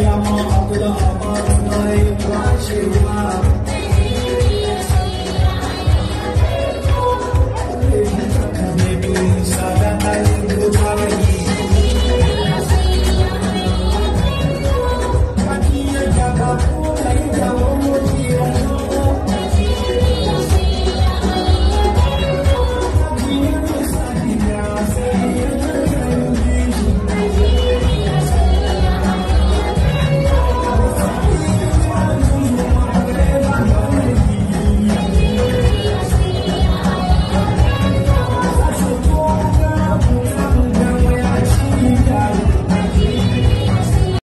Yama Abdullah